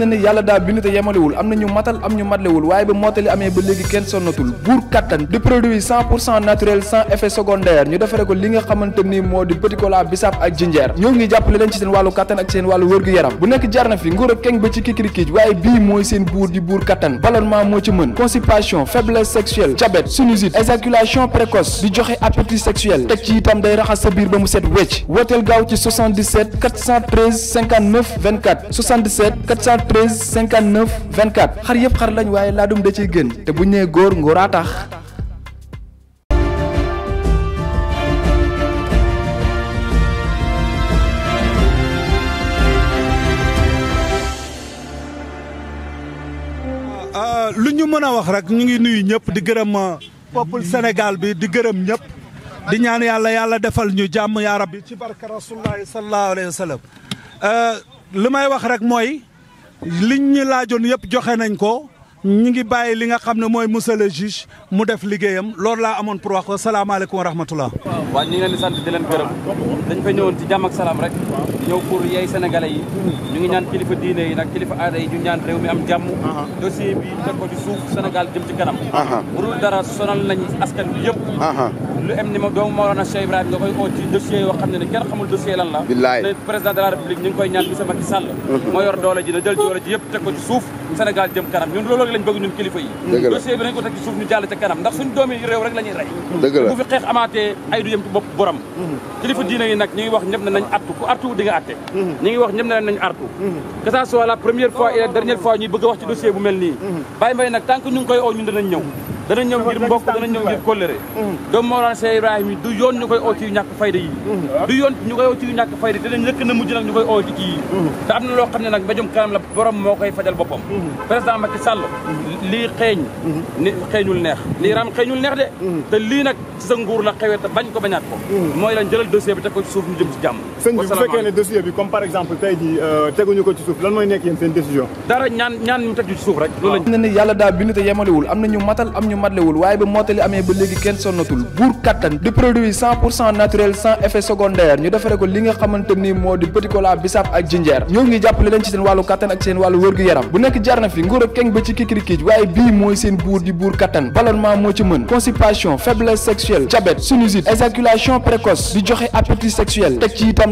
xam yàlla daal bi te yemalewul am na ñu matal am ñu matlewul waaye ba mottali amee ba léegi kenn sonnatul buur kattan di produit naturel sans effet secondaire ñu defare ko li nga xamante ni moo di petit bisaab ak jinjeer ñoo ngi jàppale leen ci seen wàllu kattan ak seen wàllu wërgu yaram bu nekk jarna fi nguur keng ba ci kikirikiij waaye bii mooy seen buur di buur kattan ballonnement moo ci mën constipation faiblesse sexuel teg ci itam 73 59 24 xar yëpp xar lañ waaye laadum da ciy gën te bu ñu nee góor ngóoraa ah, ah, lu ñu mën a wax rek ñu ngi nuyu ñëpp di gërëm ah, peuple senegal bi di gërëm ñëpp di ñaan yàlla yàlla defal ñu jàmm yaa rabbi ci barka rasulullahi sallallahu alayhi wa sallam may wax rek mooy liñ ñu laajoon yëpp joxe nañ ko ñu ngi bàyyi li nga xam ne mooy monsieur le juge mu def liggéeyam loolu laa amoon pour wax ko salaamaaleykum wa rahmatullah waaw ñu ngi leen di sant di leen gërëm dañ fa ñëwoon ci jàmm ak salaam rek ñëw pour yey sénégalais yi ñu ngi ñaan kilifa diine yi nag kilifa aada yi ñu ñaan réew mi am jàmm uh-huh. dossier bi teg ko ci suuf Sénégal jëm ci kanam uh-huh. bu dul dara sonal nañ askan bi yëpp uh-huh. lu em ni ma doomu Mawlana Cheikh Ibrahima nga koy oo ci dossier yoo xam ne ne kenn xamul dossier lan la koy ñaan bi sa Macky Sall moo yor doole ji rek lañ bëgg ñun kilifa yi dossier bi nañ ko teg ci suuf ñu jàll ca kanam ndax suñ doomi réew rek la ñuy rey bu fi xeex amaatee ay du yem bopp borom mhm. kilifa diine yi nag ñi wax ñëpp ne nañ artu ku artu di nga atte mhm. wax ñëpp ne nañ artu mhm. que ça première fois et la dernière fois ñuy bëgg wax ci dossier bu mel nii Baye Mbaye nag tant ñu koy oo ñun danañ ñëw dana ñëw ngir mbokk danañ ñëw ngir kóllëre mm-hmm. doomu Mawlana Cheikh Ibrahima yi du yoon ñu koy oo ci ñàkk fayda yi mm-hmm. du yoon ñu koy oo ci ñàkk fayda yi danañ lëkk na mujj nag ñu koy oo ci kii mm-hmm. te am na loo xam ne nag ba mbéjum kanam la borom moo koy fajal boppam président ma Sall lii xeeñ ni xeeñul neex lii ram xeeñul neex de te lii nag ci sa nguur la xewee te bañ ko bañaat ko mooy lan jëlal dossier bi teg ko ci suuf ñu jëm ci jàmm sëñ bi bu fekkee ne dossier bi comme par exemple tey jii euh, ko ci suuf lan mooy nekk yéen seen décision dara ñaan ñaan ñu teg ci suuf rek loolu la ne yàlla daa bind te yemalewul am na ñu matal am ñu matlewul waaye ba mottali amee ba léegi kenn sonnatul buur kattan di produit cent pour cent naturel sans effet secondaire ñu defare ko li nga xamante ni moo di petit cola bisaab ak jinjeer ñoo ngi jàppale leen ci seen wàllu kattan ak seen wàllu wërgu yaram bu nekk jarna fi nguur ak keng ba ci kikirikiij waaye bii mooy seen buur di buur kattan ballonnement moo ci mën constipation faiblesse sexuelle diabète sinusite éjaculation précoce di joxe appétit sexuel teg ci itam